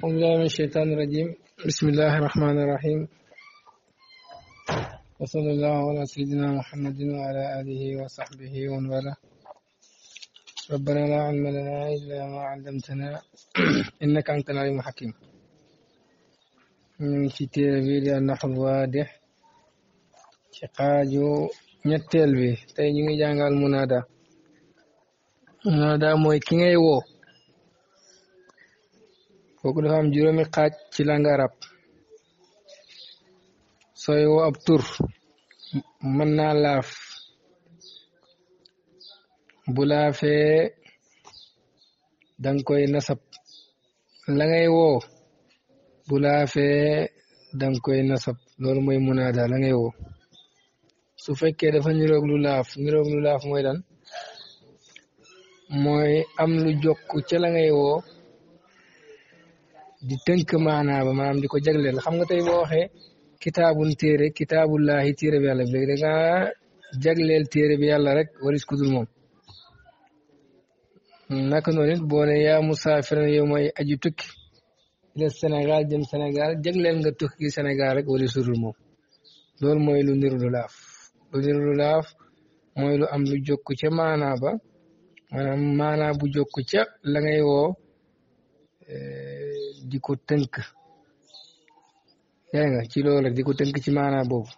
أعوذ بالله من الشيطان الرجيم بسم الله الرحمن الرحيم وصلى الله على سيدنا محمد وعلى آله وصحبه ومن والاه ربنا لا علم لنا إلا ما علمتنا إنك أنت العليم الحكيم من كتاب النحو الواضح شقاجو ñettel bi tay ñu ngi jangal munada munada moy ki ngay kooku dafa am juróomi xaaj ci langue arab sooy ab tur mën naa laaf bu laafee danga koy nasab la ngay woo bu laafee danga koy nasab loolu mooy munaada la ngay woo su fekkee dafa niroog lu laaf niroog lu laaf mooy lan moy am lu jokk ca la ngay woo di tënk maanaa ba maanaam di ko jagleel xam nga tey boo waxee kitaabun téere kitaabullahi téere bi yàlla bi léegi da ngaa jagleel téere bi yàlla rek waris ku dul moom naka noonu it boo yaa musaafiran yow mooy aju tukki ila Sénégal jëm Sénégal jagleel nga tukki Sénégal rek waris ku dul moom loolu mooy lu niru lu laaf lu am lu jokk ca maanaa ba maanaam maanaa bu jokk ca la ngay woo eh, diko ko tënk dégg ci loolu diko di ci maana boobu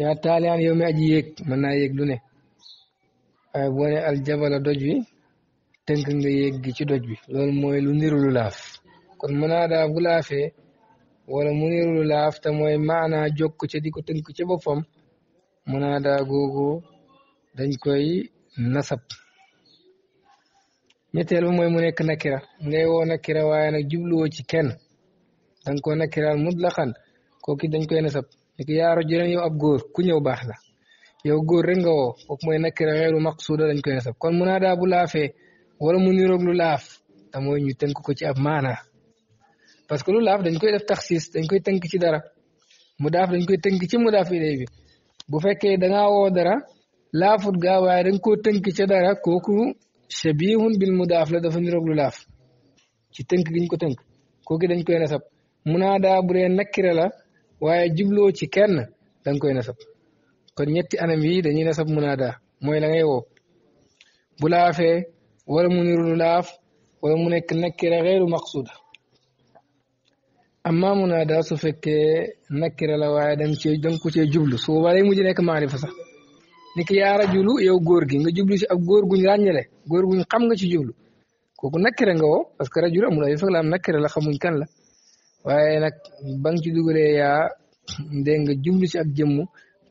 yaa taaliyaan yow mi aji yéeg mën naa yéeg lu ne waaye boo ne aljabala doj wi tënk nga yéeg gi ci doj bi kon mënaadaa bu wala mu niru lu laaf te mooy maanaa jokk ca di ko tënk ca boppam mënaadaa dañ koy nasab ñetteel ba mooy mu nekk nakira ngay woo nakira waaye nag jubluwoo ci kenn dan nga koo nakiraal mutlaqan kooku dañ koy nasab ni ki yaa rajulan yow ab góor ku ñëw baax la yow góor rek nga woo kooku mooy nakira xeeru maqsuuda dañ koy nasab kon munaadaa bu laafee wala mu niroog lu laaf te mooy ñu tënk ko ci ab maana parce que lu laaf dañ koy def taxsiis dañ koy tënk ci dara mu daaf dañ koy tënk ci mu daaf ilay bi da ngaa woo dara laafut tënk ca dara kooku shabihun bil mudaaf la dafa niroog lu laaf ci tënk gi ñu ko tënk kooku dañ koy nasab munaada bu dee nakkira la waaye jubloo ci kenn dañ koy nasab kon ñetti anam yi dañuy nasab munaada mooy la ngay woo bu laafee wala mu niru lu laaf wala mu nekk nakkira xeeru maqsuda amma munaada su fekkee nakkira la waaye da nga cee da cee jublu su boobaa mu mujj nekk maarifa sax ni ki yaa rajulu yow góor gi nga jublu si ab góor guñ ràññale góor guñ xam nga ci jublu kooku nakkire nga woo parce que rajulu amul la am la xamuñ kan la waaye nag ba nga ci dugalee dégg nga jublu si ak jëmm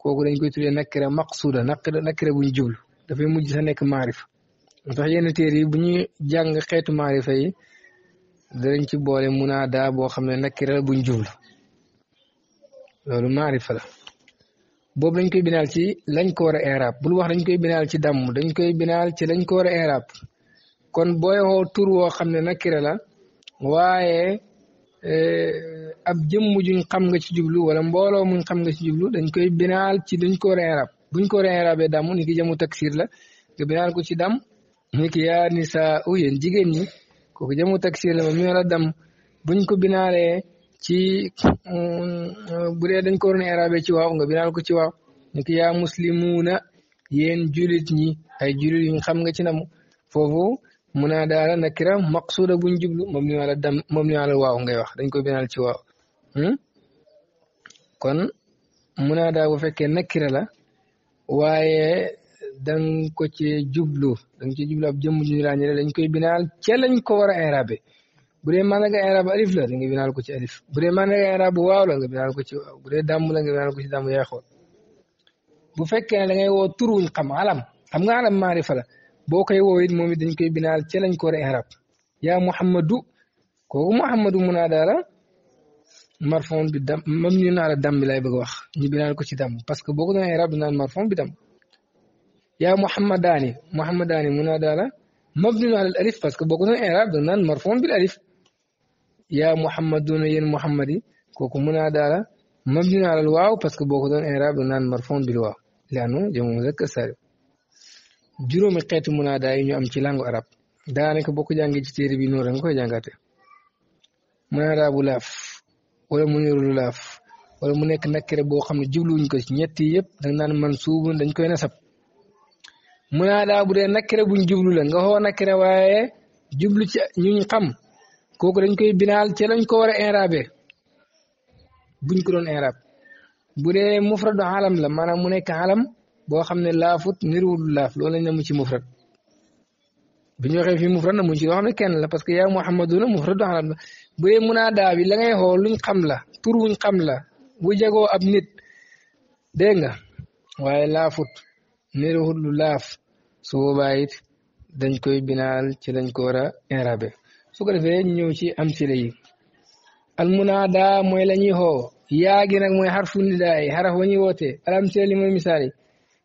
kooku dañ koy tuddee nakkire maqsuuda nakkire buñ jublu dafay mujj sa nekk maarif ndax yenn yi bu ñuy jàng xeetu maarifa yi danañ ci boole munaada boo xam ne nakkire la buñ jublu loolu maarifa la boobu dañ koy binaal ci lañ ko war a i'rab bul wax dañ koy binaal ci damm dañ koy binaal ci lañ ko war a kon booy tur woo xam ne nakira la waaye eh, ab jëmm juñ xam nga ci jublu wala mbooloo muñ xam nga ci jublu dañ koy binaal ci dañ ko war buñ ko war a i'rabee damm ni ki jëmu taksir la nga binaal ko ci dam ni ki yaa nisaa u yéen jigéen ñi kooku jëmu taksir la moom ñu la damm buñ ko binaalee ci mm, mm, ɓuree dañ ko warno érabe ci waaw nga binaal ko ci waaw nek yaa muslimuuna yéen julit ñi ay julit yi xam nga ci namu foofu mu naa daala nakira maqsuuda buñ jublu moom ñu wala dam moom ñu wala waaw ngay wax dañ ko binaal ci waaw hmm? kon mu naa daa bu fekkee nakira la waaye danga ko ci jublu danga ci jublu ab jëmm ju ñu laa ñu ne dañ koy binaal ca lañ ko war a érabe bu dee maanaga i'raab alif la nga binaal ko alif bu dee maanaga i'raab waaw la binaal ko ci waaw bu dee dàmm la nga binaal ko fekkee ne da ngay woo tur wuñ xam alam xam nga alam maarifa fala boo koy woo it moom it dañ koy binaal ca lañ ko war a i'raab yaa Muhammadu kooku Muhammadu munaada la marfon bi dam mam ñu naa la dam bi lay bëgg wax ñu binaal ko ci dam parce que boo ko doon i'raab dinaan marfon bi dam yaa Muhammadaani Muhammadaani munaada la mabniyun alal alif parce que boo ko da naan marfon bil yaa muhammaduna yéen muhammad yi kooku munaa daala mabni alal waaw parce que boo ko doon i'raab da naan marfon bil waaw laanu jamo muzakkar saalim juróomi xeetu munaadaa yi ñu am ci langue arab daanaka boo ko ci téere bi noonu rek nga koy jàngaate munaadaa laaf wala mu niru laaf wala mu nekk nakira boo xam ne jubluwuñ ko ci ñetti yëpp da naan mansuubun dañ koy nasab munaadaa bu dee nakira buñ jublu la nga xoo nakira waaye jublu ci ñu xam kooku dañ koy binaal ca lañ ko war a buñ ko doon inrab bu dee mufradu alam la maanaam mu nekk alam boo xam ne laafut niruwul laaf loolu lañ na mu ci mufrad bi ñu waxee mufrad na mu ci ne kenn la parce que yaa muhammaduna mufradu alam la bu dee munaadaa bi la ngay xool luñ xam la pour wuñ xam la bu jagoo ab nit dégg nga waaye laafut niruwul laaf su dañ koy binaal ci lañ ko war a su ko defee ñëw ci amsila yi almunaada mooy la ñuy xoo yaa gi nag mooy xarfu nidaay xaraf wa ñuy wootee al amsila li mooy misaal yi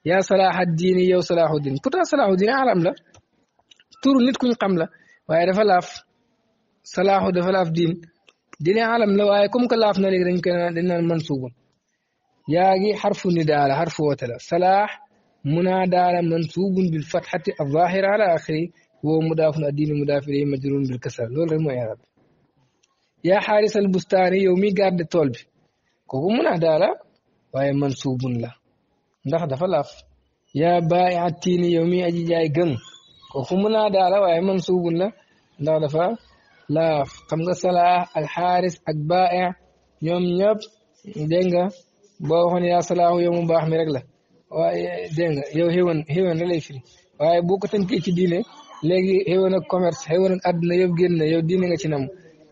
yaa salaaxa diini yow salaaxu diin pourtant salaaxu diin alam la turu nit kuñ xam la waaye dafa laaf salaaxu dafa laaf diin diine alam la waaye comme que laaf na léegi dañ koy dañ naan mansuubu yaa gi xarfu nidaa la la salaax munaadaa la mansuubun bil fatxati al zaahira ala axiri woo mudaafun addiinu mudaaf ilayhi bil kasra loolu rek mooy arab yaa xaarisal bustaani yow mi garde tool bi kooku mun daala waaye mansuubun la ndax dafa laaf yaa baay attiini yow mi aji jaay gën kooku a daala waaye mansuubun la ndax dafa laaf xam nga salaa ak xaaris ak baay ñoom ñëpp dégg nga boo waxoon yaa salaahu yow mu baax mi rek la waaye dégg nga yow firi waaye boo ko ci diine léegi xéwoon ak commerce xéwoon génn na yow diine nga ci nam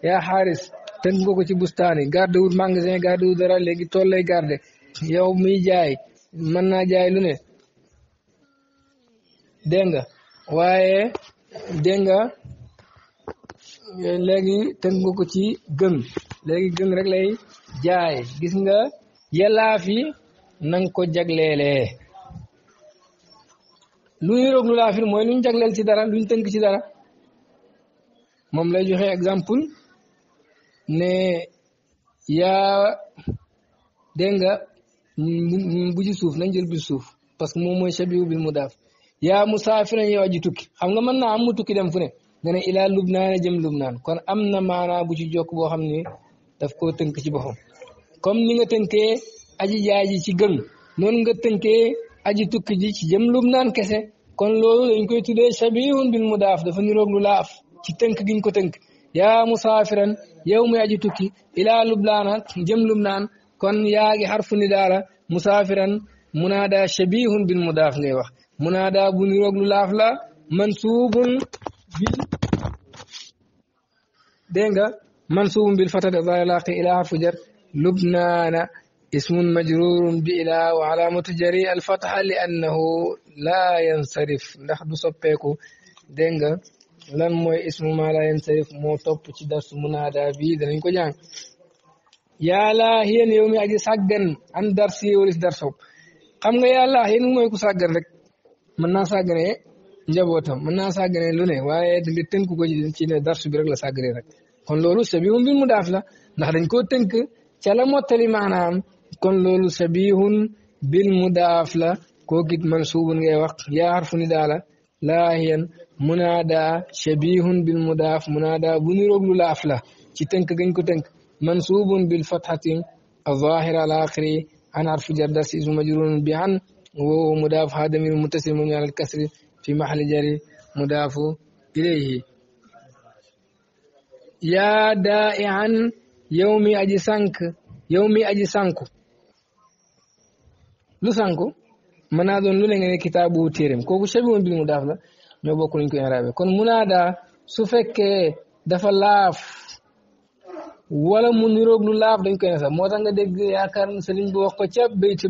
yaa xaaris tënk nga ko ci bustaan yi garde wut magasin garde wut dara léegi tool lay garde yow muy jaay mën naa jaay lu ne dégg nga waaye dégg nga léegi tënk nga ko ci gën léegi gën rek lay jaay gis nga yàllaa fi ko jagleelee lu niroog lu laafin mooy luñ jagleel ci dara luñ tënk ci dara moom lay joxe exemple ne yaa dégg nga bu ci suuf nañ jël bi suuf parce que moom mooy shabihu bil mudaaf yaa musaafiran yow aji tukki xam nga mën naa am mu tukki dem fu ne nga ne ilaa lubnaan jëm lubnaan kon am na maanaa bu ci jokk boo xam ni daf koo tënk ci boppam comme ni nga aji jaay ci gën noonu nga tënkee aji tukki ji ci jëm lum kese kon loolu dañ koy tuddee shabihun bil mudaaf dafa niroog lu laaf ci tënk giñ ko tënk yaa musaafiran yow mu aji tukki ilaa lublaana jëm lum naan kon yaa ngi xarfu ni daala musaafiran munaada shabihun bil mudaaf ngay wax munaada bu niroog lu laaf la mansuubun bil nga mansuubun bil fatat zahir laaqi ilaa xarfu lubnaana ismun majrurun bi ilaa wa alaamatu jari al fatha li annahu laa yansarif ndax du soppeeku dégg nga lan mooy ismu maa laa yansarif moo topp ci darsu munaada bi danañ ko jàng yaa laahiyan yow mi aji sàggan an darsi walis darso xam nga yaa laahiyan mooy ku sàggan rek mën naa sàggane njabootam mën naa sàggane lu ne waaye nga tënku ko ci ne darsu bi rek la sàggane rek kon loolu sabihum bi mu daaf la ndax dañ koo tënk ca la mottali كون لول سبيه بالمضاف لا كوكيت منصوب غي وقت يعرف ندا لا هي منادى شبيه بالمضاف منادى بني لاف لا تي تنك غن كو تنك منصوب بالفتحه الظاهر الاخر انا عرف جر درس اسم مجرور بعن وهو مضاف هادم المتصل من على الكسر في محل جر مضاف اليه يا دائعا يومي اجي سانك يومي اجي سانكو lu sànku mën naa doon lu ne nga ne kitaabu téeréem kooku shabihun mu mudaaf la ñoo bokk luñ koy inraabe kon munaada su fekkee dafa laaf wala mu niroog lu laaf dañ koy nasab moo tax nga dégg yaakaar na sëriñ bi wax ko ca bayti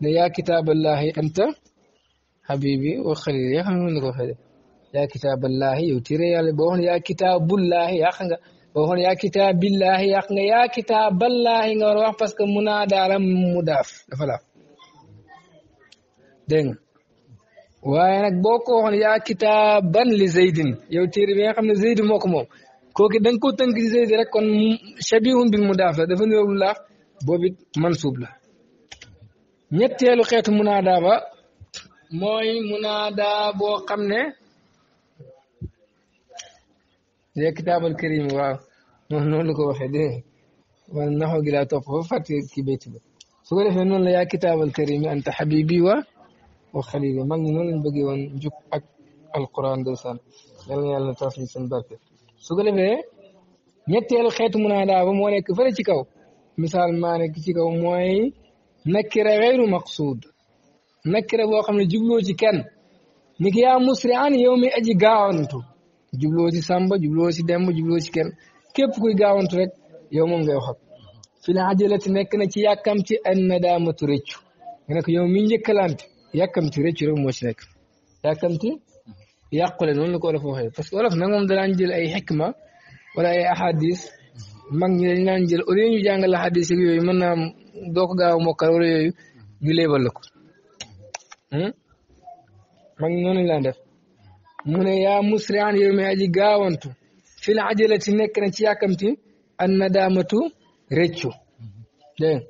ne yaa kitaaballahi anta habibi wa xalili yaa xam ko waxee yaa kitaaballahi yow téere yàlla yaa kitaabullahi nga war wax parce que munaada la mu daaf dafa laaf dégg nga waaye nag boo ko waxoon yaa kitaaban li zaydin yow téere bi xam ne zayd moo ko moom kooki da nga ko tënk ci zayd rek kon shabihun bil mudaaf la dafa niroog lu laax boobu it mansuub la ñetteelu xeetu munaadaa ba mooy munaadaa boo xam ne yaa kitaabal karim waaw noonu noonu ko waxee dégg nga gi laa topp ba fàtte ki béyti ba su ko defee noonu la yaa kitaabal karim anta habibi wa وخليل من نون بغي وان جوك اك القران دوسان يالا يالا تافي سن بارك سوغلي بي نيتيل خيت منادا با مو نيك فلي سي كاو مثال ما نيك سي كاو موي نكر غير مقصود نكر بو خامل جوبلو سي كين نيك يا مسرعان يومي اجي غاونتو جوبلو سي سامبا جوبلو سي ديم جوبلو سي كين كيب كوي غاونتو رك يوم مون غاي وخا في العجله نيك نتي ياكام ان ندامه ترچو نيك يوم مي نيكلانتي yàkkamti rëcc rek moo ci nekk yàkkamti mhm. yàqule noonu la ko olof waxee parce que olof nag moom danaan jël ay xikma wala ay ahadis mhm. mag ñi dañ naan jël au lieu ñu ahadis ak yooyu mën naa am gaaw a mokkal wala yooyu mhm. ñu léebal la ko hmm? mag ñi noonu lañ daan def mu ne yaa musri'an yow mi gaawantu fil ajalati nekk na ci yàkkamti an nadaamatu rëccu dégg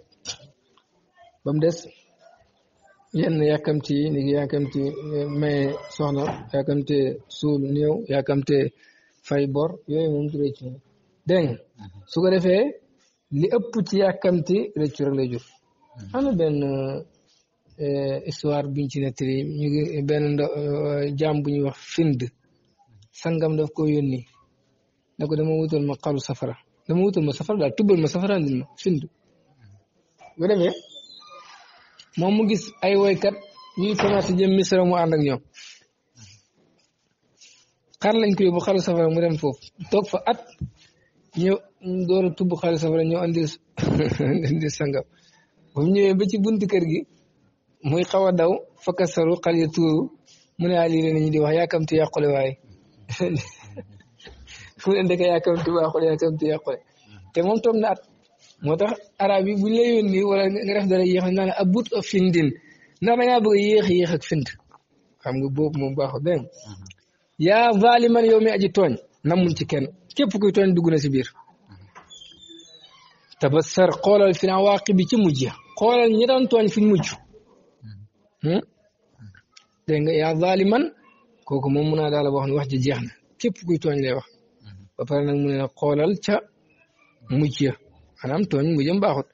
ba yenn yàkkamti yi ni ngi yàkkamti maye soxna yàkkamte suul néew yàkkamte fay bor yooyu moom du rëccu dégg mhm. su ko defee li ëpp ci yàkkamti rëccu rek lay jur mhm. am na benn e, histoire biñ ci nettali ñu benn nd e, jaam bu ñuy wax find sangam daf ko yónni ne ko dama wutal ma xaru safara dama wutal ma safara daal tubbal ma safara andil ma find bu mhm. demee moom mu gis ay woykat ñuy commencé jëm misra mu ànd ak ñoom xar lañ ko yóbbu xalu safara mu dem foof toog fa at ñëw door a tubb xalu safara ñëw andi andi sangam ba mu ñëwee ba ci buntu kër gi muy xaw a daw fakka saru xal ya tuuru mu ne lii la nit ñi di wax yàkkamti yàqule waaye mu ne ndeke yàkkamti baaxul yàkkamti yàqule te moom toog na at moo tax arab yi buñ la yónnee wala nga def dara yéex naa ne a but of findin ndax da ngaa bëgg a yéex yéex ak find xam nga boobu moom baaxul dégg mm-hmm. yaa valiman yow mi aji tooñ namuñ ci kenn képp kuy tooñ dugg na si biir mm-hmm. tabassar xoolal fi naa waaqi bi ci mujj ya xoolal ñi doon tooñ fi muj mm-hmm. hmm? dégg nga yaa valiman kooku moom mun naa daal wax ne wax ji jeex na képp kuy tooñ lay wax ba pare nag mu ne xoolal ca mujj anam to ni mujum bahut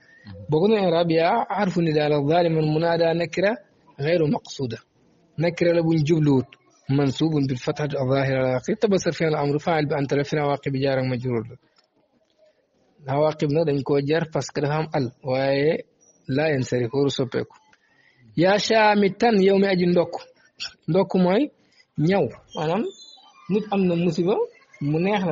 bogono en rabia arfu ni dal zalim al munada nakra ghayru maqsuda nakra la bun jublut منصوب بالفتحة الظاهرة على الأخير طيب تبصر فيها الأمر فاعل بأن تلفنا واقب جار مجرور هواقب نقدر نكو جار فاسكرهم ال واي لا ينسري خورو يا شامتان يوم أجي ندوك ندوك موي نيو أنا نت أمنا مصيبة منيح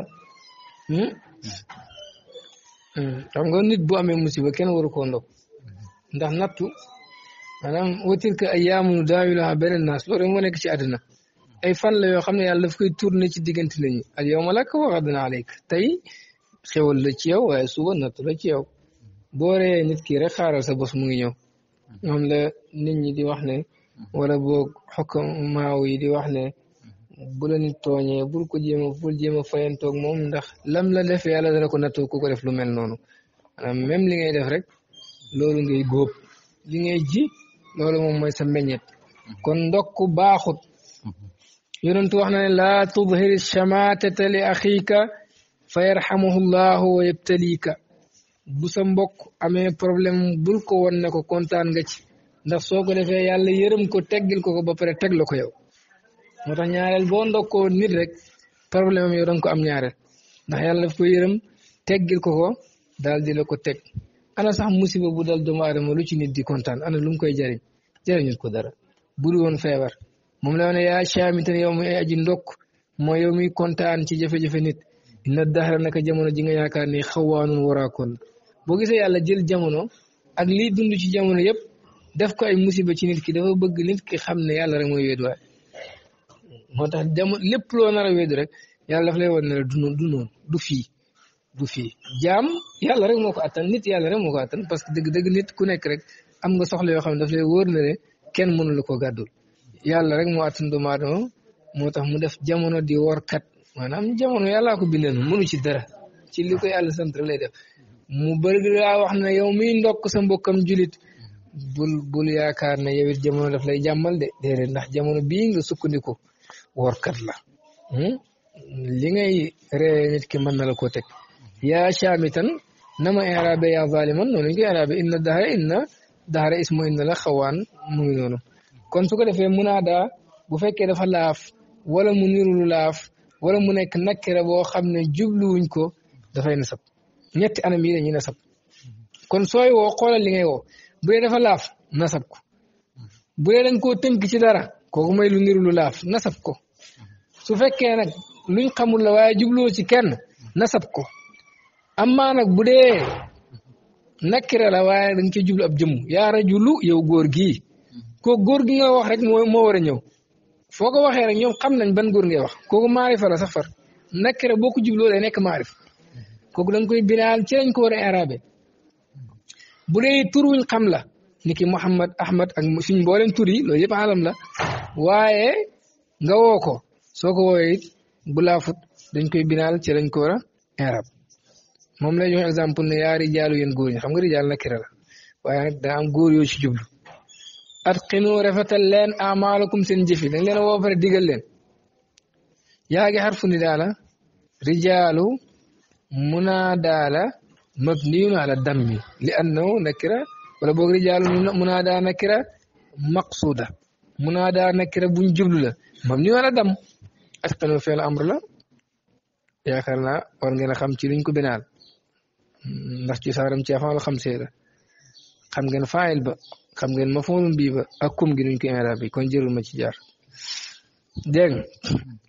xam nga nit bu amee musiba kenn waru koo ndog ndax nattu maanaam watir ka ay yaamunu daawilaa beneen naas loolu rek moo nekk ci àddina ay fan la yoo xam ne yàlla daf koy tourné ci diggante nit ay al yawma laka wa ghadan alayk tey xewal la ci yow waaye suba nattu la ci yow boo nit ki rek xaaral sa bos mu ngi ñëw moom la nit ñi di wax ne wala boog xokkamaaw yi di wax la nit tooñee bul ko jéem a bul jéem a fayantoog moom ndax lam la def yàlla dana ko nattoo ku ko def lu mel noonu maanaam même li ngay def rek loolu ngay góob li ngay ji loolu moom mooy sa meññet kon ndok ndokk baaxut yonentu wax na ne laa tudhiri chamatata li axiika fa yarxamuhu llahu wa yabtaliika bu sa mbokk amee problème bul ko won ne ko kontaan nga ndax soo ko defee yàlla yërëm ko teggil ko ko ba pare teg la ko yow moo tax bo boo ndokkoo nit rek problème yo yow ko am ñaareel ndax yàlla daf ko yërëm teg ko ko dal di ko teg ana sax musiba bu dal doomu aadama lu ci nit di kontaan ana lu koy jariñ jariñul ko dara buri woon feebar moom la ne yaa caamitan yow muy aji ndokk mooy yow muy kontaan ci jafe-jafe nit na daxara naka jamono ji nga yaakaar ni xawaanun waraakoon boo gisee yàlla jël jamono ak li dund ci jamono yëpp def ko ay musiba ci nit ki dafa bëgg nit ki xam ne yàlla rek mooy wéeduwaay moo tax jamono lépp loo nar a wéedu rek yàlla daf lay wan ne la du noonu du noonu du fii du fii jaam yàlla rek moo ko attan nit yàlla rek moo ko attan parce que dëgg-dëgg nit ku nekk rek am ga soxla yoo xam ne daf lay wóor na ne kenn mënul ko gàddul yàlla rek moo attan doomu aadama moo tax mu def jamono di workat maanaam jamono yàllaa ko bindee mënu ci dara ci li ko yàlla sant lay def mu bëri laa wax ne yow miy ndokk sa mbokkam julit bul bul yaakaar ne yow it jamono daf jàmmal de déedéet ndax jamono bii nga sukkandiku woorkat la hmm? li ngay ree nit ki mën na la ko teg yaa shaamitan nama inrabe yaa zaliman noonu ñu koy inrabe inna daxara inna daxara inna la xawaan mu ngi noonu kon su ko defee munaada bu fekkee dafa laaf wala mu nirulu laaf wala mu nekk nakkira boo xam ne jubluwuñ ko dafay nasab ñetti anam yi dañuy nasab kon sooy woo xoolal li ngay woo bu dee dafa laaf nasab ko bu dee dañ koo tënk ci dara kooku may lu niru lu laaf nasab ko su fekkee nag luñ xamul la waaye jubloo ci kenn nasab ko amma nag bu dee nakira la waaye dañ koy jublu ab jëmm yaa rajulu yow góor gi kooku góor gi nga wax rek moo moo war a ñëw foo ko waxee rek ñoom xam nañ ban góor ngay wax ko maarifa la safar far nakira boo ko jubloo day nekk maarif kooku da koy binaal ci lañ ko war a bu dee tur wuñ xam la ni ki Mouhamed Ahmed ak suñ mboolem tur yi yëpp alam la waaye nga woo ko soo ko woowee it bu dañ koy binaal ci lañ ko war moom lay jox exemple ne yaa rijaalu yéen góor ñi xam nga rijaal nakira la waaye nag daa am góor yoo ci jublu atqinu rafetal leen amaalakum seen jëf yi dañ leen woo pare digal leen yaa ngi xarfu ni daala rijaalu munaadaa la mabniyun ala dammi li annahu nakira wala boog rijaalu munaadaa nakira maqsuuda munaadaa nakira buñ jublu la mabniyun ala damm askanu fil amr la yaakaar naa war ngeena xam ci liñ ko binaal ndax ci saaram ci afal xam see la xam ngeen fa'il ba xam ngeen mafoonum bi ba ak kum gi nuñ ko arabiy kon jërul ma ci jaar dégg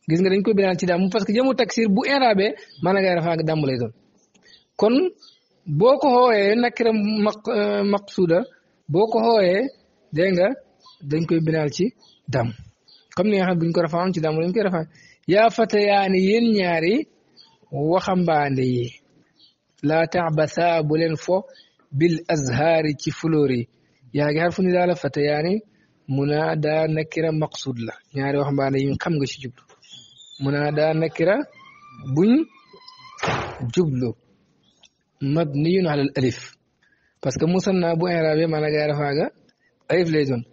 gis nga dañ ko binaal ci dam parce que jëmu taksir bu arabé man nga rafa rafaa dàmm lay doon kon boko ko nakira maq maqsuda boo ko xooyee nga dañ koy binaal ci dam comme ni nga xam buñ ko rafa ci dam lañ koy rafa yaa fatayaani yéen ñaari waxambaande yi laa taabasa bu leen fo bil azhaari ci fleur yi yaa ngi xarfu ni daala fatayaani munaada nakira maqsud la ñaari waxambaande yi xam nga ci jublu da nakira buñ jublu mabniyun alal alif parce que musanna bu inrabe maanaam gaa rafaaga alif lay doon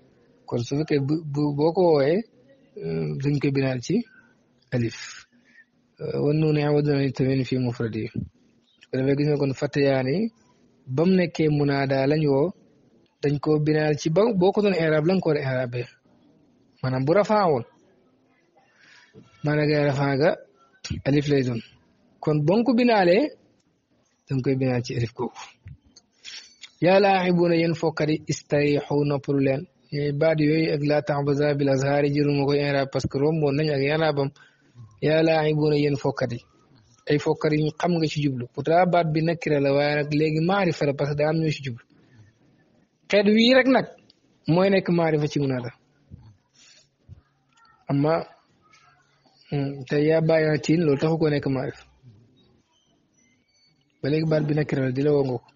kon su fekkee boo ko wooyee euh, dañ koy ci alif euh, wan nuuni awad nañ tamit fii mufrad yi su ko defee gis nga kon fatayaani ba mu nekkee munaada lañ woo dañ koo binaal ci ba ko doon irab lañ ko war a irabee bu rafaa woon maanaam ga rafaa ga alif lay doon kon bon ko dañ koy binaal ci alif kooku yaa laaxibuuna yéen fokkat yi istariixu noppalu leen ñooy baat yooyu ak laa tax baza bil azhaari jërul ma koy irab parce que romboon nañ ak yaa laaxibuuna yéen fokkat yi ay fokkat yi ñu xam nga ci jublu pourtant baat bi nakira la waaye nag léegi maarifa la parce que daa am ñoo ci jublu xeet wii rek nag mooy nekk maarifa ci munaada amma mm, te yaa bàyyi tiin loolu taxu nekk maarifa ba léegi baat bi nakira la di la woo nga ko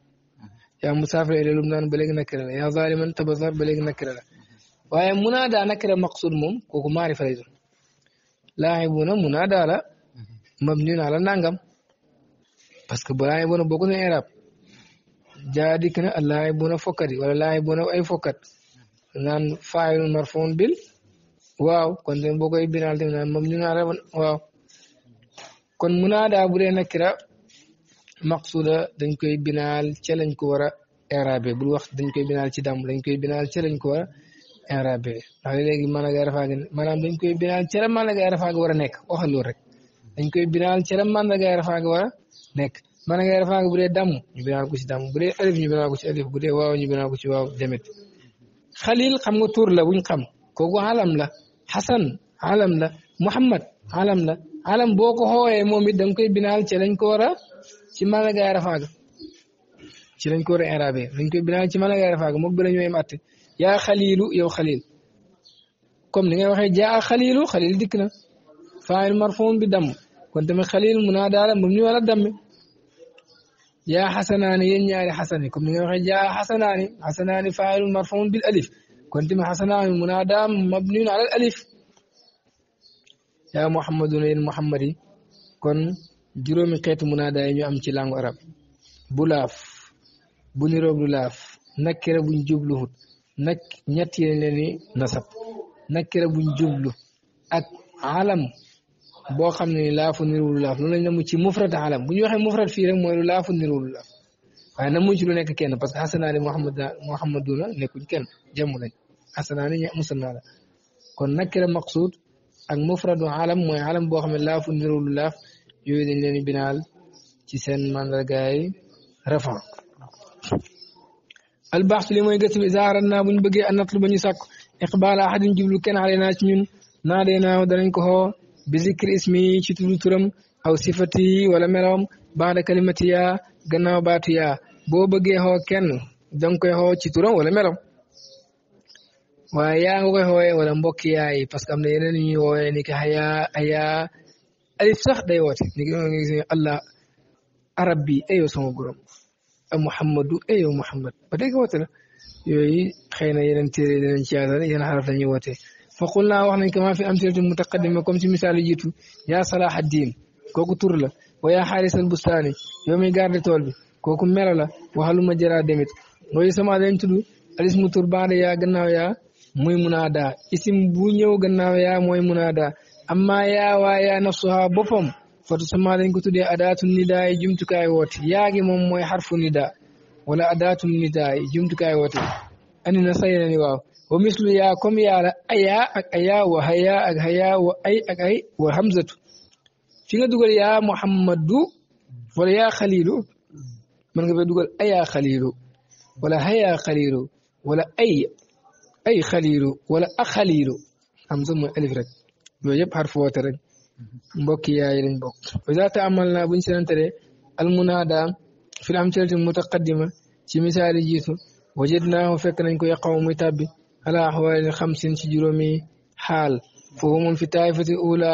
yaa musaafir ilay lum naan ba léegi nakira la yaa zaaliman tabasar ba léegi nakira la waaye munaada nakira laaxibuuna munaadaa la mabniun ala nangam parce que ba laaxibuuna boo ko nee irab jaa na laaxibuuna fokkat yi wala ay fokkat naan faayilun marfuun bil waaw kon tamit boo koy binaal tamit ala waaw kon munaadaa bu dee nakira maqsuda dañ koy binaal ca lañ ko war a irabe bul wax dañ koy binaal ci dam dañ koy binaal ca lañ ko inrab ndax léegi maanaam ay rafaag maanaam dañ koy binaal ca la maanaam ay nekk waxal loolu rek dañ koy binaal ca la maanaam ay rafaag war a nekk maanaam ay rafaag bu dee damm ñu binaal ko ci damm bu dee alif ñu binaal ko alif bu dee waaw ko ci waaw demet xalil xam nga tur la buñ xam kooku alam la xasan alam la muhammad alam la alam boo ko xooyee moom it da nga koy binaal ci lañ ko war a ci maanaam ay rafaag ci lañ ko war a inrab koy binaal ci maanaam ay rafaag moom bi la ñu yem يا خليل يا خليل كم لين يا يا خليل خليل دكنا فاعل مرفون بدم كنت من خليل منادى على مبني ولا دم يا حسناني يا نياري حسناني كم لين يا حسناني حسناني فاعل مرفون بالالف كنت من حسناني منادى مبني على الالف يا محمد يا محمدي كن جرومي قيت منادى يو ام تي لانغ عرب بولاف بني رب بولاف نكره بن جبلوه nag ñett yi lañ leen di nasab nakira buñ jublu ak alam boo xam ne laafu niruwul laaf loolu lañ namu ci mufrat alam bu ñu waxee mufrat fii rek mooy lu laafu niru laaf waaye namuñ lu nekk kenn parce que xasanaani Muhammad Muhammaduna nekkuñ kenn jëmm lañ xasanaani ña musanna la kon nakira maqsuud ak mufradu alam mooy alam boo xam ne laafu niruwul laaf yooyu dañ leen di binaal ci seen mandargaay rafan البحث لي موي غتب اذا رنا بن بغي ان نطلب ني ساك اقبال احد جبل كان علينا تي نون نادينا ودرنك هو بذكر اسمي تي تودو تورم او صفتي ولا ملوم بعد كلمه يا غناو باتيا بو بغي هو كين دونك هو تي تورم ولا ملوم waye yaa nga koy xooyee wala mbokk yaa yi parce que am na yeneen ñuy woowe ni ki haya haya alif sax day woote ni ngi ngi allah arab bi ayo sama borom Muhammadu e yow Muhammad ba léegi woote la yooyu xëy na yeneen téere dinañ ci yaatal yeneen xaraf la ñuy woote fa qul naa wax nañ ko maa fi amsilati mutaqaddima comme ci misaal yu jiitu yaa Salaha diin kooku tur la wa yaa xaarisal bustaani yow mi garde tool bi kooku mela la waxaluma jëraa demit yooyu sama dañ tudd alismu tur baada yaa gannaaw yaa muy munaada isim bu ñëw gannaaw yaa mooy munaada amma yaa waa yaa nafsuha boppam fatu sama dañ ko tuddee adaatu nidaa yi jumtukaay woote yaa gi moom mooy xarfu nidaa wala adaatu nidaa yi jumtukaay woote ani na say na ni waaw wa mislu yaa comme yaa la ayaa ak wa hayaa wa ay ak ay wa fi nga dugal yaa muhammadu wala yaa xalilu wala hayaa xalilu wala ay ay xalilu wala a hamza mooy alif rek yooyu yëpp xarfu rek mbokk yaay lañ bokk wasaata amal naa buñ senantare almunaada fi la am ci mutaqaddima ci misaali jiitu wajët naahu fekk nañ ko yaqaw muy tàbbi ala ahwaalin xamsin ci juróomi xaal foofu moom fi taayifati ula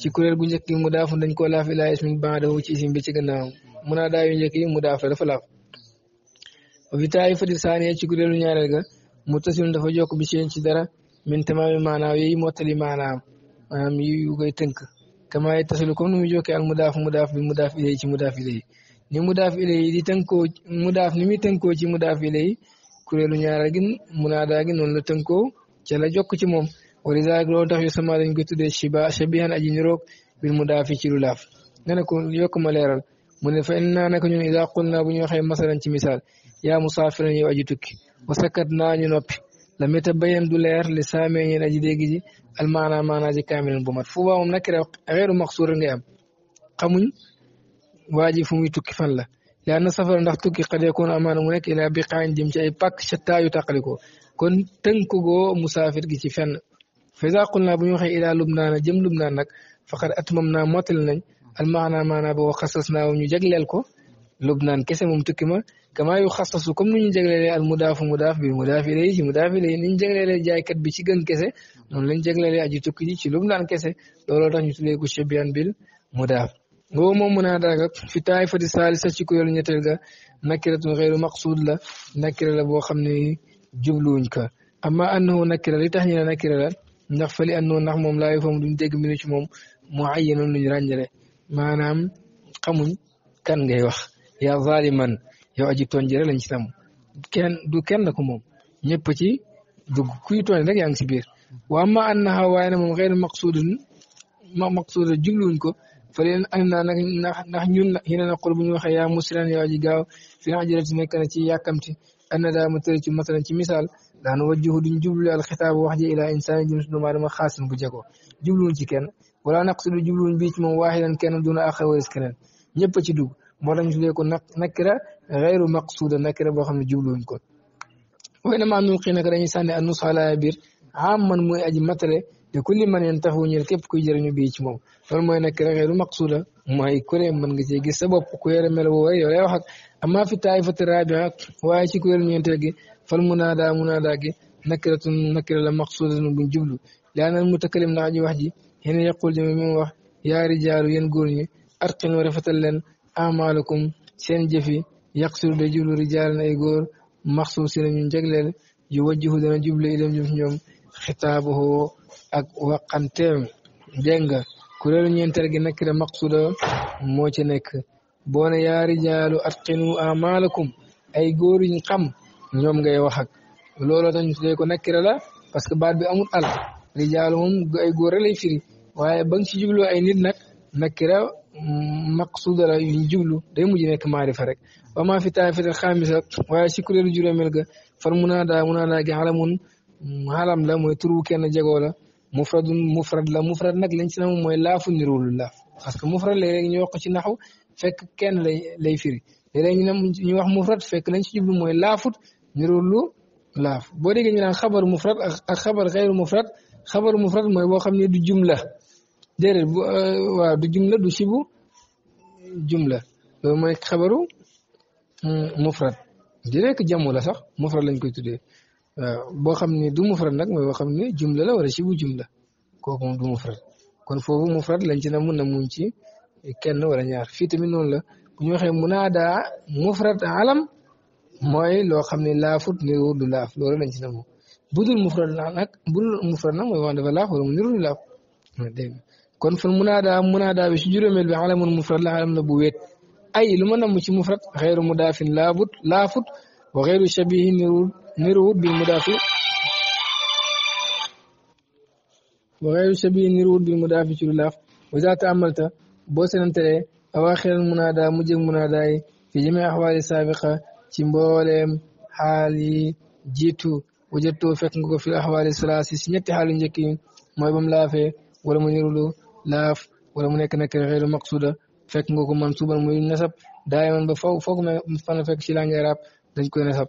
ci kuréel gu njëkk yi mu daafu dañ koo laaf ilaa ismin baadahu ci isim bi ci gannaaw munaadaa yu la dafa laaf fi taayifati saaniya ci kuréelu ñaareel ga mu tasil dafa jokk bi dara min tamaami maanaaw yooyu mottali maanaam maanaam كما يتصل كم نمجوك المضاف مضاف بالمضاف إليه مضاف إليه ni mudaaf ilay di tënkoo mudaaf ni muy tënkoo ci mudaaf ilay kuréelu ñaareel gi munaada gi noonu la tënkoo ca la jokk ci moom wala zaag loolu tax yu sama dañ ko tuddee shiba shabihan aji niroog bil mudaafi ci lu laaf nga ne ko yokk ma leeral mu ne fa innaa naka ñun idaa qul naa bu ñu waxee masalan ci misaal yaa musaafiran yow aji tukki wa sakkat naa ñu noppi لم يتبين دولار لسامي ناجي ديجي المعنى ما ناجي كامل بومات فوا ام نكرا غير مقصور نيام خمون واجي فمي توكي لا لان سفر ندخ توكي قد يكون امان ملك الى بقاع جيم تي باك شتا يو تقليكو كون تنكو مسافر جي فن فاذا قلنا بنوحي الى لبنان جيم لبنان فقد اتممنا موتل المعنى معنا بو خصصنا ونيو جغلل كو لبنان كسم ممتكما كما يخصص كم من جلالة المدافع مدافع بمدافع ليه مدافع ليه من جلالة جايكت بشيغن كسي من لن جلالة أجي توكي جي لبنان كسي دولارة نتلقى شبيان بيل مدافع هو ممنا داغا في تايفة السالسة شكو يولي نتلقى نكرة غير مقصود لا نكرة لبو خمني جبلون كا أما أنه نكرة لتحنينا نكرة لا نغفل أنه نحمم لا يفهم دون ديك منيش مم معين لنجران جلالة ما نعم قمون كان جاي وخ yaa zaliman yow aji tooñ jëre lañ ci tam kenn du kenn ko moom ñëpp ci dugg kuy tooñ rek yaa ngi si biir wa amma annaha waaye ne moom xëy na maqsuudun maqsuuda jubluwuñ ko fa leen an naa nag ndax ñun yene naqul bu ñu waxee yaa musiran yow aji gaaw fi nga jëre ci nekk na ci yàkkamti anna daa ma tëri ci masalan ci misaal daan wajjuhu duñ jublu al xitaab wax ji ilaa insaani jëm si doomu aadama ko bu jegoo jubluwuñ ci kenn wala naqsudu jubluwuñ bii ci moom waaxidan kenn duna axawais keneen ñëpp ci dugg moo tax ñu tuddee ko nakira xayru maqsuuda nakira boo xam ne jubluwuñ ko way na maa nun xii naka dañuy sànni annus ala biir am man mooy aji matale te kulli man yen taxwu ñel képp kuy jëriñu bii ci moom loolu mooy nakira xayru maqsuuda mooy kuré mën nga cee gis sa bopp ku yore mel woowe yow lay wax ak ta fi taifati rabia waaye ci kuréel ñeenteel gi fal munaada munaada gi nakiratun nakira la maqsuudatun buñ jublu laanal mutakallim mu aji wax ji yéen yaqul jëme mi mu wax yaa rijaalu yéen góor ñi arqin rafetal leen amaalakum seen jëfi yaqsuru da jublu rijaalan ay góor maxsuus la ñu jagleel yu wajjihu dana jublu ilam jëm si ñoom xitaabuhu ak waqanteem dégg nga kuréelu ñeenteel gi nakira maqsuda moo ci nekk boo ne yaa rijaalu atqinu amaalakum ay góor yuñ xam ñoom ngay wax ak looloo tax ñu tuddee ko nakira la parce que baat bi amul al rijaalu moom ay góor lay firi waaye ba ci jubloo ay nit nag nakira مقصود لاي جبلو داي موجي نيك معرفه رك وما في تافر الخامسه واي شكر الجوره ملغا فرمنا دا منا لا جعلمون عالم لا موي ترو كين جيغولا مفرد مفرد لا مفرد نك لنج سنم موي لا فنيرو لا باسكو مفرد لي ريك نيوخ سي نحو فك كين لي لي فيري لي ريك نم ني واخ مفرد فك لنج جبلو موي لا فوت نيرو لو لا بو ديغي ني خبر مفرد خبر غير مفرد خبر مفرد موي بو خامني دو جمله déedéet bu euh, waaw du jumla du sibu jumla loolu mooy xabaru euh, mufrad di rekk jamu sax mufrad lañ koy tuddee waaw boo xam ne du mufrad nag mooy boo xam ne jumla la wala sibu jumla kooku moom du mufrad kon foofu mufrad lañ ci na mun na muñ ci kenn wala ñaar fii tamit noonu la bu ñu waxee loo xam ne laafut niru du laaf loolu lañ ci na mu budul mufrad nag budul mufrad nag mooy niru du laaf dégg kon ful munaada munaada bi si juróomeel bi alamul mufrad la alam la bu wéet ay lu ma namm ci mufrad xeyru mudaafin laafut laafut wa xeyru shabihi niruwut niruwut bil mudaafi wa xeyru shabihi niruwut bil mudaafi ci lu laaf wa za taamalta boo senantalee awaaxiral munaada mujjëg munaada yi fi jami axwaali saabiqa ci mbooleem xaal yi jiitu wajattoo fekk fi axwaali salaasi si ñetti xaalu njëkk yi mooy ba mu wala mu nirulu laaf wala mu nekk nakira xeyru maqsuda fekk nga ko mansuban muy nasab daayiman ba faw foog fana fekk ci langue arab dañ koy nasab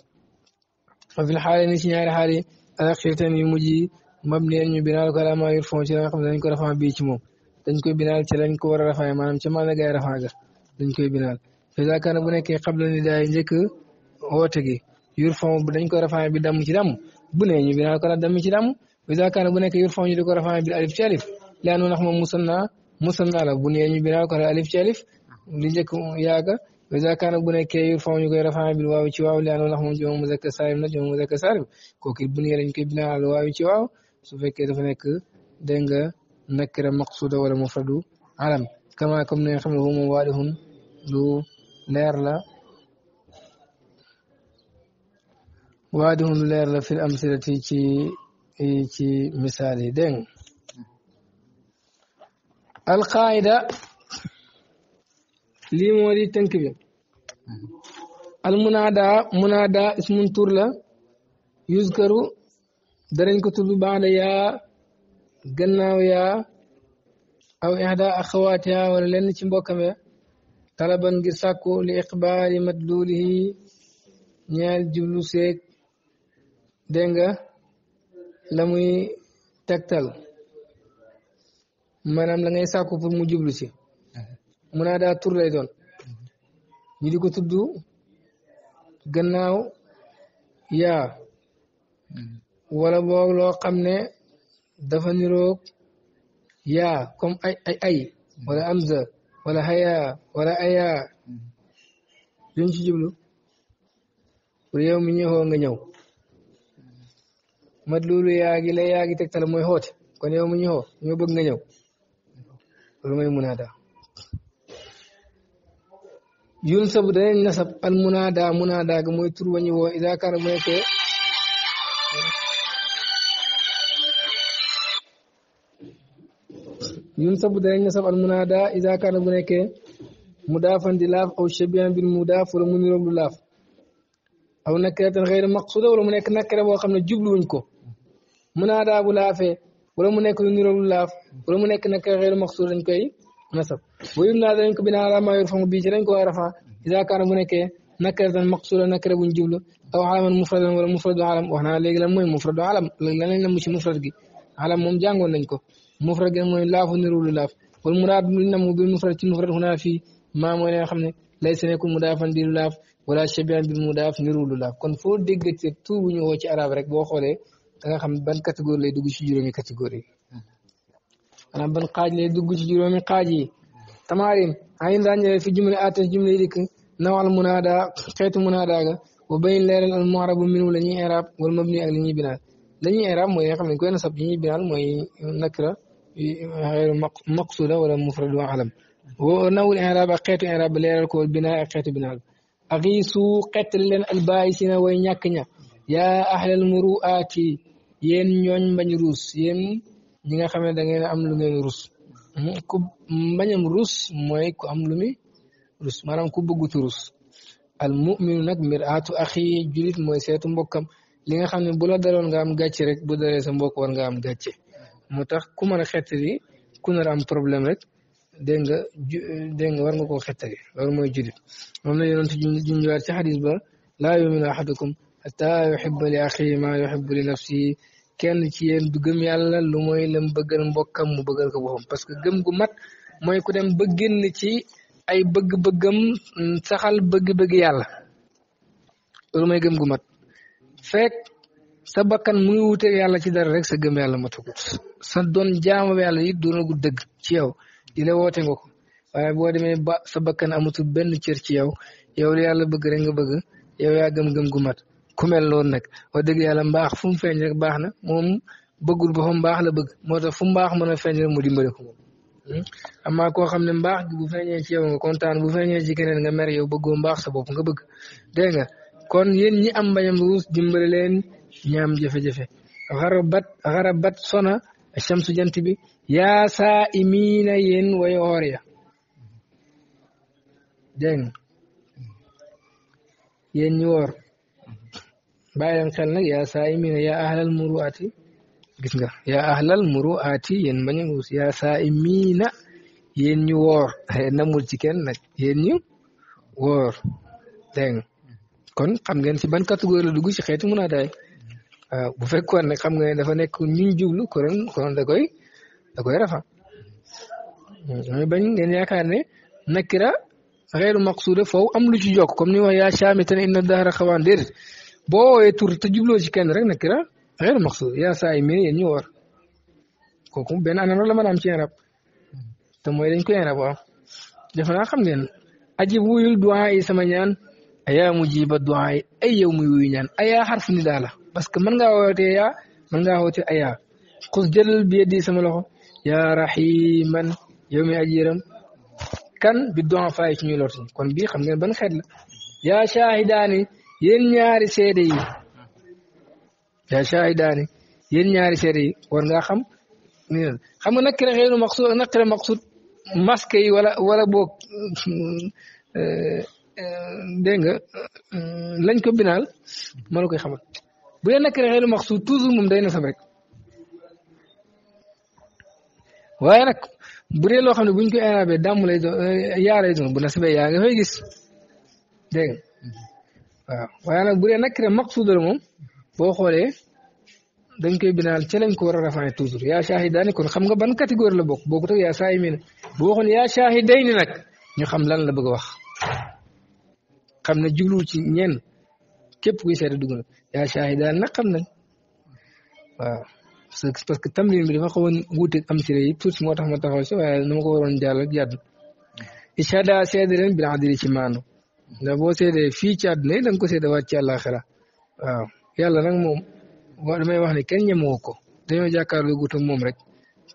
fa fil xaale ni ci ñaari xaal yi alaxirtan yu mujj yi mabniyan ñu binaal ko alama yur fon ci la nga xam ne dañ ko rafaa bii ci moom dañ koy binaal ci lañ ko war a rafaa maanaam ca maa gaay rafaa ga dañ koy binaal fisa kaana bu nekkee xabla ni daay njëkk woote gi yur fon dañ ko rafaa bi damm ci damm bu ne ñu binaal ko la damm ci damm fisa kaana bu nekkee yur fon ñu di ko rafaa bi alif ci alif li andoon ndax moom musanna musanna la bu nee ñu binaa alif ci alif li njëkk yaaga wasa kaana bu nekkee yur faw ñu koy rafaa bil waaw ci waaw li andoon ndax moom joomu muzakkar saalim la joomu muzakkar saalim kooku bu nee koy binaa al ci waaw su fekkee dafa nekk dégg nga nakira maqsuda wala mufradu alam kama comme ne moom waalihun lu leer la waadihun lu leer la fil amsilati ci ci misaal yi dégg alqaida lii moo di tënk bi almunada munada ismun darañ ko tudd baada yaa gannaaw yaa aw ihda axawaatiha wala lenn ci mbokkame talaban ngir sàkku li iqbaali matluulihi ñaal jublu seeg dégg nga la muy tegtal maanaam la ngay sàkku mu jublu si munaada tur lay doon ñu di ko tudd gannaaw yaa wala boog loo xam ne dafa niroog yaa comme ay ay ay wala amza wala hayaa wala ayaa luñ ci jublu pour yow mi ñëwoo nga ñëw mat loolu yaa gi la yaa gi tegtal mooy xoote kon yow mi ñëwoo ñoo bëgg nga ñëw المنادى ينسب دين نسب المنادى منادى كموي تروني و اذا كان ميك ينسب دين نسب المنادى اذا كان ميك مدافعا للاف او شبيها بالمدافع والمنير للاف او نكره غير مقصوده ولا منك نكره بو جبلو نكو منادى بلافه wala mu nekk lu niroog lu laaf wala mu nekk nag xeeru maxsuur dañ koy nasab wayum naa danañ ko binaa alaa maa yurfamu bii ci dañ ko war a rafaa idaa kaana bu nekkee nakara tan maxsuura nakara buñ jublu aw alaman mufradan wala mufradu alam wax naa léegi lan mooy mufradu alam lan lañ la mu ci mufrad gi alam moom jàngoon nañ ko mufrad gi mooy laafu niroog lu laaf wala muraad li namu bi mufrad ci mufrad xunaa fii maa mooy li nga xam ne lay sa nekkul mudaafan di lu laaf wala shabihan bi mudaaf niroog lu laaf kon foo dégg ci tuubu ñu woo ci arab rek boo xoolee da nga xam ban catégorie lay dugg ci juróomi catégorie maanaam ban xaaj lay dugg ci juróomi xaaj yi tamaarin ayin ràññee fi jumle atte jumle yi dikk nawal munaada xeetu munaada ga wa bayin leeral al mu'rab minhu la ñuy i'rab wal mabni ak la ñuy binaal la ñuy i'rab mooy nga xam ne koy nasab yi ñuy binaal mooy nakra xayru maqsuda wala mufradu alam wa nawul i'rab ak xeetu i'rab leeral ko binaal ak xeetu binaal axiisu xettali leen albaayisina way ñàkk ña yaa ahlal muruaati yéen ñooñ mbañ ruus yéen ñi nga xam ne da ngeen am lu ngeen ruus hmm, ku rus ruus ku am lu rus ruus ku bëggutu rus al muminu nag miraatu axi julit mooy seetu mbokkam li nga xam ne bu la daloon nga am gàcce rek bu dalee sa mbokk war nga am gàcce moo tax ku mën a xettali ku nar am problème rek dégg nga ju dégg nga war nga koo xettali loolu mooy julit moom la yonent junjwaat ci ba laa yuminu ahadukum hatta yuhibba li axihi ma yuhibbu li nafsihi kenn ci yéen du gëm yàlla lu mooy lam bëggal mbokkam mu bëggal ko boppam parce que gëm gu mat mooy ku dem ba génn ci ay bëgg-bëggam saxal bëgg-bëgg yàlla loolu mooy gëm gu mat fekk sa bakkan mu ngi wuteeg yàlla ci dara rek sa gëm yàlla matagut sa doon jaamu yàlla yi doonagu dëgg ci yow di la woote nga ko waaye boo demee ba sa bakkan amatul benn cër ci yow yow li yàlla bëgg rek nga bëgg yow yaa gëm-gëm gu mat ku mel noonu nag wax dëgg yàlla mbaax fu mu feeñ rek baax na moom bëggul boppam mbaax la bëgg moo tax fu mbaax mën a mu dimbale ko moom hmm? amaa koo xam ne mbaax gi bu feeñee ci yow nga kontaan bu feeñee ci keneen nga mer yow mbaax sa bopp nga bëgg dégg nga kon yéen ñi am mbañam ruus dimbale leen ñi am jafe-jafe xarabat sona chamsu jant bi yaa saa imiina yéen way woor ya dégg nga bàyyi leen xel nag yaa saa'imiina yaa ahlal muru'aati gis nga yaa ahlal muru'aati yéen bañ a uus yaa ñu woor namul ci kenn nag yéen ñu woor dégg kon xam ngeen si ban catégorie la dugg ci xeetu munaadaay waaw ah, bu fekkoon ne xam nga ne dafa nekk ñuñ jublu konoon konoon da koy hmm, bañ ngeen yaakaar ne nakira xeeru maqsuuda foofu am lu ci jokk comme ya wax yaa saamitan inna dahra xawaan boo woowee eh, tur te jubloo ci kenn rek nakira xeer maxsuud yaa saa yi mais yéen ñu war kooku benn anam la mën a am ci arab te mooy dañ koy arab waaw defe xam ngeen ajib wuyul duwaa yi sama ñaan ayaa mujiba duwaa yi ay yow muy wuyu ñaan ayaa xarf ni daala parce que mën ngaa wootee yaa mën ngaa wootee ayaa xus jëlal bi yeddi kan bi duwaa faay ci ñuy kon bii xam ngeen ban xeet la yaa yéen ñaari seede yi yaa shaahidaani yéen ñaari seede yi war nga xam xam nga nakira xeyru maqsud ak nakira maqsud yi wala wala boog eh, dégg nga eh, lañ ko binaal ma la koy xamal bu dee nakira toujours moom day na sam rek waaye nag bu dee loo xam ne buñ ko inrabee dàmm lay doon eh, yaa bu nasabee yaa nga fay gis waaw waaye nag bu dee nakira maqsuda la moom boo xoolee dañ koy binaal ca lañ ko war a rafaa toujours yaa shaahidaani kon xam nga ban catégorie la bokk bokkut ak yaa saayimiina boo waxoon yaa shaahidayni nag ñu xam lan la bëgg a wax xam ne jubluwul ci ñenn képp kuy seede dugg na yaa shaahidaani nag xam nañ waaw parce que tamrin bi dafa xawoon wuute am ci yi tuuti moo tax ma taxaw si waaye nu ma ko waroon jàll ak yàdd ishada seede leen bil adli maanu ndax boo seedee fii ci àdduna ko seede waat ci àllaaxira waaw yàlla nag moom wa damay wax ke kenn ñemoo ko dañoo jàkkaarloo guutam moom rek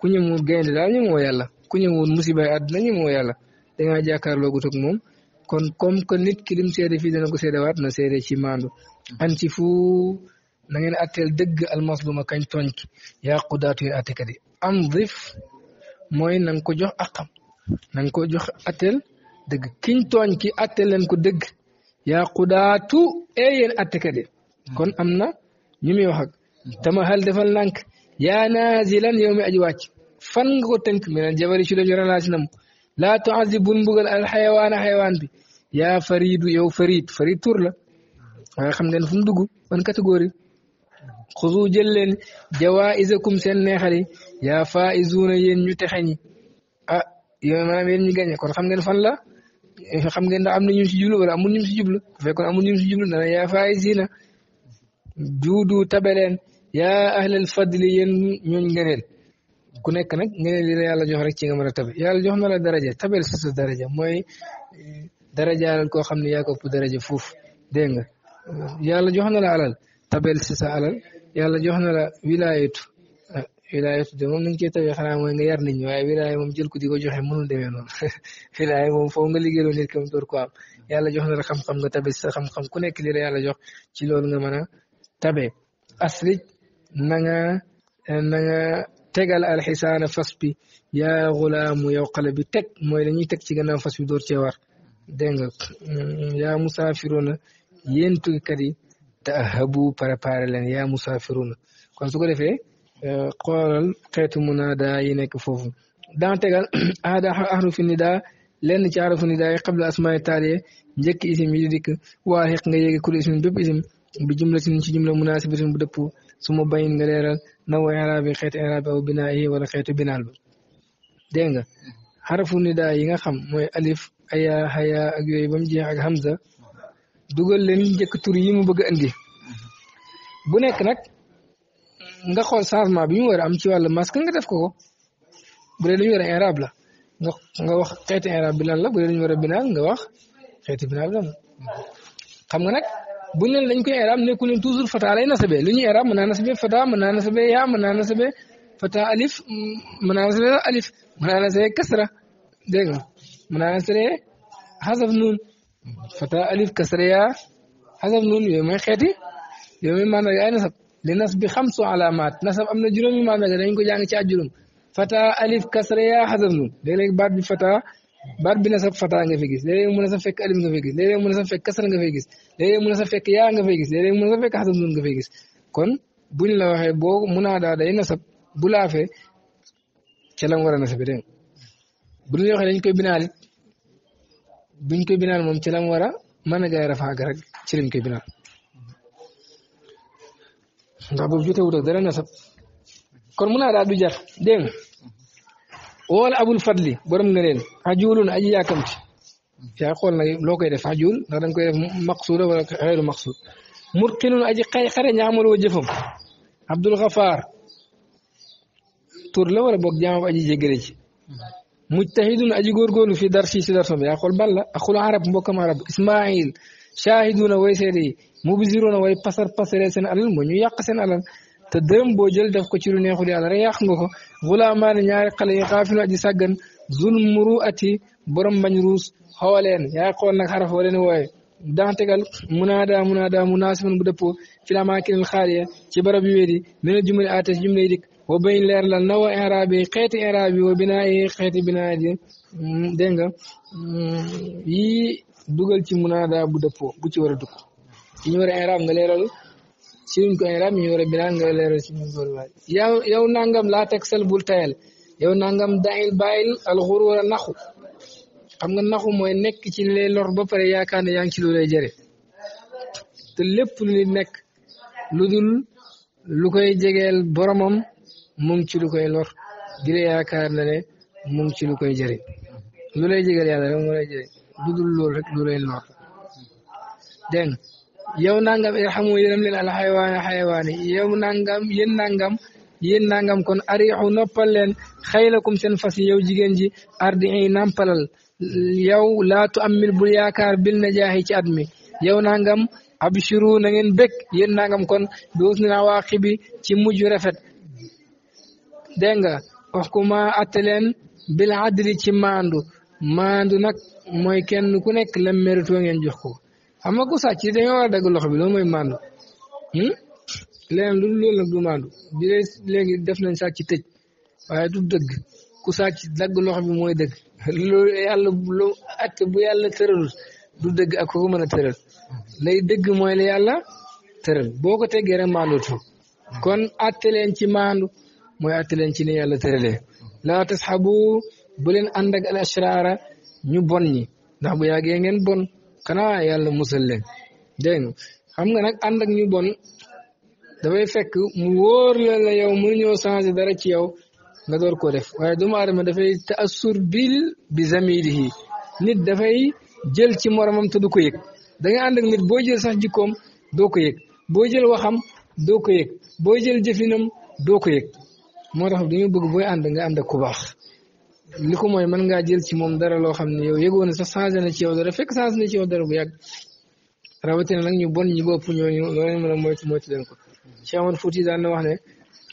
ku ñemoo gaynde daal ñemoo yàlla ku ñemoon musibaay àdduna ñemoo yàlla dangaa jàkkaarloo guutam moom kon comme que nit ki lim seede fii dana ko seedewaat na seede ci maandu an ci fu na ngeen atteel dëgg almasluma kañ tooñ ki yaa qudaatu yéen am dif mooy na nga ko jox aqam na ko jox atteel dëgg kiñ tooñ ki atte leen ko dëgg yaa xudaatu ee eh yéen attekat hmm. kon am na ñu muy wax ak tama xel defal nànk yaa naazilan yow mi aji wàcc fan ko tënk mi ne jabari ci lañu ralaasi nam laa al xayawaana xayawaan bi yaa fariidu yow fariid fariid tur la waaye xam ngeen fu mu dugg ban catégorie xusu jël leen jawaisakum seen neexal yi yaa faizuuna yéen ñu texeñi ah, kon xam ngeen fan la Eh, xam ngeen ndax am na ñu si jublu wala amul ñu si jublu bu fekkoon amul ñu si jublu dana yaa faay siina juudu tabeleen yaa ahlal fadli yéen ñooñ ngëneel ku nekk nag ngëneel yi yàlla jox rek ci nga mën a tabe yàlla jox na la daraja tabel sa sa daraja mooy eh, darajaalal koo xam ne yaa ko ëpp daraja foofu dégg nga yàlla na la alal tabel si alal yàlla jox la wilaayatu wilaaya tudde moom nañ cee tawee xanaa yar nit ñi waaye wilaaya moom jël ko di ko joxe mënul demee noonu wilaaya moom foo nga liggéeyloo nit ki mu door ko am yàlla jox na la xam-xam nga tabe sa xam-xam ku nekk li la jox ci loolu nga mën a tabe asrij na nga na nga tegal alxisaana fas bi yaa xulaamu yow xale bi teg mooy la ñuy teg ci gannaaw fas bi door cee war dégg nga mm, yaa musaafiruuna yéen tukkikat yi te ahabu préparé leen yaa kon su ko Euh, xoolal xeetu munaada yi nekk foofu daan tegal aada axrufi nidaa lenn ci axrufi nidaa yi xabla asmaa yi taariye njëkk isim yi di dikk waa xeq nga yéegi kul ismin bépp isim bi jumlatin ci jumla munaasibatin bu dëpp su ma bayin nga leeral naw iraabi xeetu iraabi aw binaa yi wala xeetu binaal ba dégg nga xarafu nidaa yi nga xam mooy alif aya haya ak yooyu ba mu jeex ak hamza dugal leen njëkk tur yi mu bëgg a indi mm-hmm. nga xool changement bi ñu am ci wàllu masque nga def ko ko bu dee dañu a inrab la nga nga wax xeeti inrab bi lan la bu dee dañu war nga wax xeeti binaal lan la xam nga nag bu ñu dañ koy inrab nekku leen toujours fata lay nasabee lu ñuy inrab mën naa nasabee fata mën naa nasabee yaa mën naa nasabee fata alif mën naa nasabee alif mën naa kasra dégg nga mën naa nasabee fata alif kasra yaa xasaf nuun yooyu mooy xeeti yooyu ay nasab li nas bi xamsu alaamaat nasab am na juróomi maanaam nag dañ ko jàng ci àjjurum fata alif kasra yaa xasab nun léeg-léeg baat bi fata baat bi nasab fata nga fay gis léeg mu nasab fekk alif nga fay gis léeg-léeg mu nasab fekk kasra nga fay gis léeg-léeg mu nasab fekk yaa nga fay gis léeg-léeg mu nasab fekk xasab nun nga fay kon buñ la waxee boo munaadaa day nasab bu laafee ca la mu war a nasabe dégg bu ñu dañ koy binaal it buñ koy binaal moom ca la mu war a mën a gaay rafaa rek ci lañ koy binaal ndax boobu jotee wut kon mun naa daal du jar dégg nga wala abul fadli borom ngëneel ajulun aji yàkkamti yaa xool nag loo koy def ajul ndax danga koy def maqsuuda wala xeeru maqsuud murqinun aji xay xare ñaamal wa jëfam abdul xafaar tur la wala boog jaamam aji jéggale ci mujtahidun aji góorgóorlu fi dar si si dar som yaa xool ban la arab ismail shaahiduuna way seede yi mubsiruuna way pasar pasaree seen alal moo ñu seen alal te dërëm boo jël def ko ci lu neexul yàlla rek yàq nga ko gulaamaani ñaari xale yi xaafilu aji sàggan zul muru ati borom bañ ruus xooleen yaa xool nag xaraf wala ni wooye daan tegal munaada munaada munaasibun bu dëppoo fi la maakinil xaaliya ci barab yu weedi mina jumali aate si jumlay dikk wa bañ leer la nawa inraab yi xeeti inraab yi wa binaa yi xeeti binaa yi dégg nga mm, yii dugal ci munaada bu dëppoo bu ci war a dugg si ñu war a iraab nga leeral si ñu ko iraab ñu war a binaan nga leeral si yow nangam laa teg sel bul tayal yow nangam daayil bàyyil alxur wala naxu xam nga naxu mooy nekk ci lay lor ba pare yaakaar ne yaa ngi ci lu lay jëre te lépp lu nekk lu dul lu koy jegeel boromam mu ci lu koy lor di la yaakaar ne ne mu ci lu koy jëre lu lay jegeel yàlla rek lu dul loolu yow nangam irhamu eh, yërëm leen al xayawaan xayawaan nangam yéen nangam kon arixu noppal leen xaylakum seen fas yi yow jigéen ji ardi i nampalal yow laatu amil bul yaakaar bil najaahi ci at mi yow nangam abshiru na ngeen bég yéen nangam kon duus na ci mujj rafet dégg nga waxkuma atte bil adli ci maandu maandu nag mooy kenn ku nekk lam mérito ngeen jox ko xam nga ku sàcc dañoo war dagg loxo bi loolu mooy maandu hmm? leneen lu loolu nag du maandu bi léegi def nañ sàcc tëj waaye du dëgg ku sàcc dagg loxo bi mooy dëgg loolu yàlla bu yàlla tëralul du dëgg ak ko mën a tëral lay dëgg mooy la yàlla tëral boo ko teggee rek maandutu kon atte leen ci maandu mooy atte leen ci ni yàlla tëralee laa tasxabu bu leen ànd ak al ñu bon ñi ndax bu yàggee ngeen bon xanaa yàlla musal leen dégg nga xam nga nag ànd ak ñu bon dafay fekk mu woor la la yow mënuñoo changé ci yow nga door koo def waaye duma aadama dafay taassur bil bi zamilihi nit dafay jël ci moromam te du ko yëg da nga ànd ak nit boo jël sax jikkoom doo ko yëg boo jël waxam doo ko yëg boo jël jëfinam doo ko yëg moo tax dañu bëgg booy ànd nga ànd ak ku baax li ko mooy mën ngaa jël ci moom dara loo xam ne yow yëgoon na sax changé na ci yow dara fekk changé na ci yow dara bu yàgg nag ñu bon ñi bopp ñooñu loolu mën a moytu moytu leen ko Cheikh Omar Fouti daan na wax ne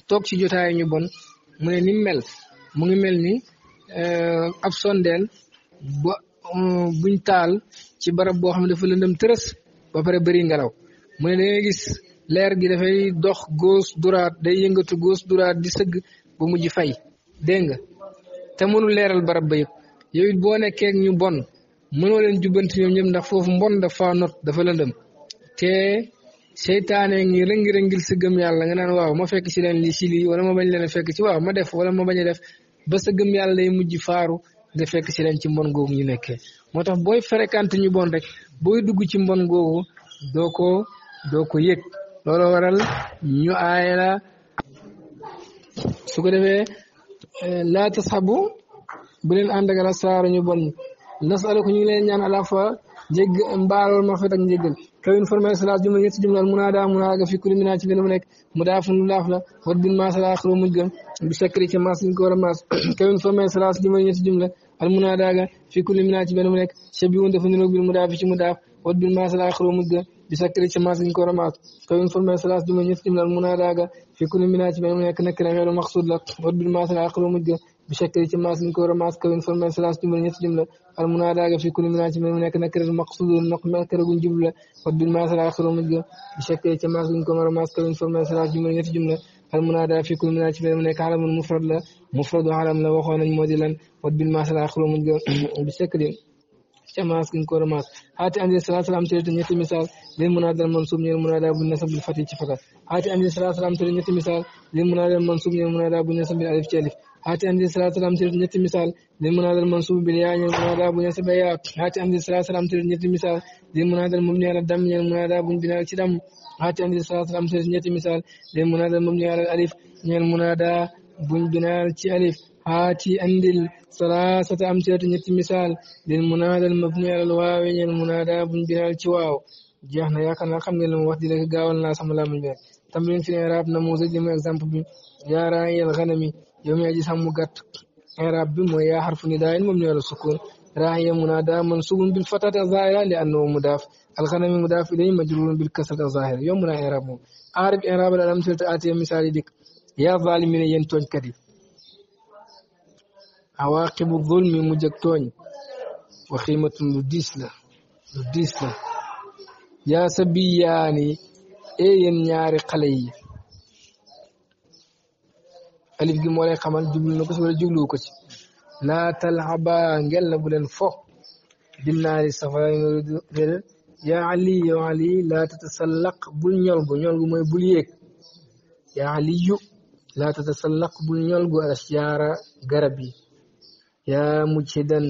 toog ci jotaay ñu bon mu ne ni mel mu ngi mel ni euh, ab sondeel ba euh, buñ taal ci barab boo xam ne dafa lëndëm tërës ba pare bëri ngelaw mu ne da gis leer gi dafay dox góos duraat day yëngatu góos duraat di sëgg ba mujj fay dégg nga te mënul leeral barab ba yëpp yow boo nekkee ñu bon mënoo leen jubbanti ñoom ñëpp ndax foofu mbon dafa not dafa lëndëm te seytaane ngi rëngi-rëngil sa gëm yàlla nga naan waaw ma fekk ci leen li ci lii wala ma bañ leen a fekk ci waaw ma def wala ma bañ a def ba sa gëm yàlla lay mujj faaru nga fekk ci leen ci mbon googu ñu nekkee moo tax booy fréquente ñu bon rek booy dugg ci mbon googu doo doo ko yëg loolu waral ñu aay la defee laa tasxabu bu leen ànd ak asraar ñu bon nasaluku ñu ngi leen ñaan alafa jégg mbaalool ma rafet ak njéggal kawin formé salaas jumla ñetti jumla munaada munaada fi kulli minaa ci benn bu nekk mu daafun lu laaf la wat bin maas ala aaxiru mujj ga bi sakkri ci maas ñu ko war a maas kawin formé salaas jumla ñetti jumla al munaada ga fi kulli minaa ci benn bu nekk shabiwun dafa niroog bil mu daaf ci mu daaf wat bin maas ala aaxiru mujj ga بسكر شماس كورمات كون فرما ثلاث دوما يسكن المنادى في كل منات من هناك نكر غير مقصود لك ورد بالماس العقل ومجد بشكل تماس من شماس كورمات كون فرما ثلاث دوما يسكن المنادى في كل منات من هناك نكر المقصود النقم نكر جملة ورد الماس العقل ومجد بشكل تماس من شماس كورمات كون فرما ثلاث دوما يسكن المنادى في كل منات من هناك عالم المفرد لا مفرد عالم لا وخوانا مودلا ورد بالماس العقل ومجد بشكل تماس emas gi nga ko war a maas xaati andi salaa salaam tëdd ñetti misaal lil munaadal mansuub ñeel munaada bu nasab bil fati ci fata xaati andi salaa salaam tëdd ñetti misaal lil munaadal mansuub ñeel munaada bu nasab bil alif ci alif xaati andi salaa salaam tëdd ñetti misaal lil munaadal mansuub bil yaa ñeel munaada bu nasab yaa xaati andi salaa salaam tëdd ñetti misaal lil munaadal mubni ala dam ñeel munaada buñ binaal ci dam xaati andi salaa salaam tëdd ñetti misaal lil munaadal mubni ala alif ñeel munaada buñ binaal ci alif aati andil salaasata amsilata ñetti misaal lil munaada al mabni alal waawi ñel munaada buñ binaal ci waaw jeex na yaakaar naa xam ngeen la mu wax di rek gaawal naa sama laamuñ benn tamrin fi irab na mu li mu exemple bi yaaraa yel xanami yow mi aji sàmm gàtt irab bi mooy yaa xarfu ni daayin moom ñëwal sukun راهي منادى منصوب بالفتحة الظاهرة لأنه مضاف الغنم مضاف إليه مجرور بالكسرة الظاهرة يومنا إعرابه أعرف إعراب الأمثلة آتي مثال ديك يا ظالمين ينتون كدي awaaqibu zulmi mujj ak tooñ waximatun lu diis la diis la yaa sa biyaani ñaari xale yi alif gi moo lay xamal jublu na ko ci wala jubluwu ko ci na bu leen fo binnaari safara réer yaa ali yow ali laa tatasallaq bul ñolgu ñolgu mooy bul yéeg yaa aliyu laa tatasallaq bul ñolgu al ashjaara garab yi yaa mujhidan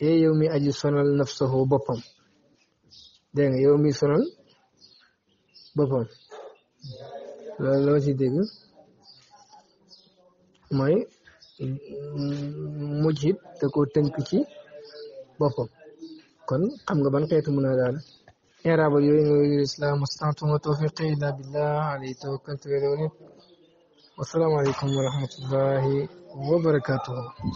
e yow mi aji sonal nafsahu boppam dégg nga yow mi sonal boppam loolu loo ci dégg mooy mujhid da ko tënk boppam kon xam nga ban xeetu mun a daal erabal yooyu islam astatuma tawfiqi illa billah alayhi tawakkaltu wa salaamu aleykum wa rahmatullahi wa barakatuhu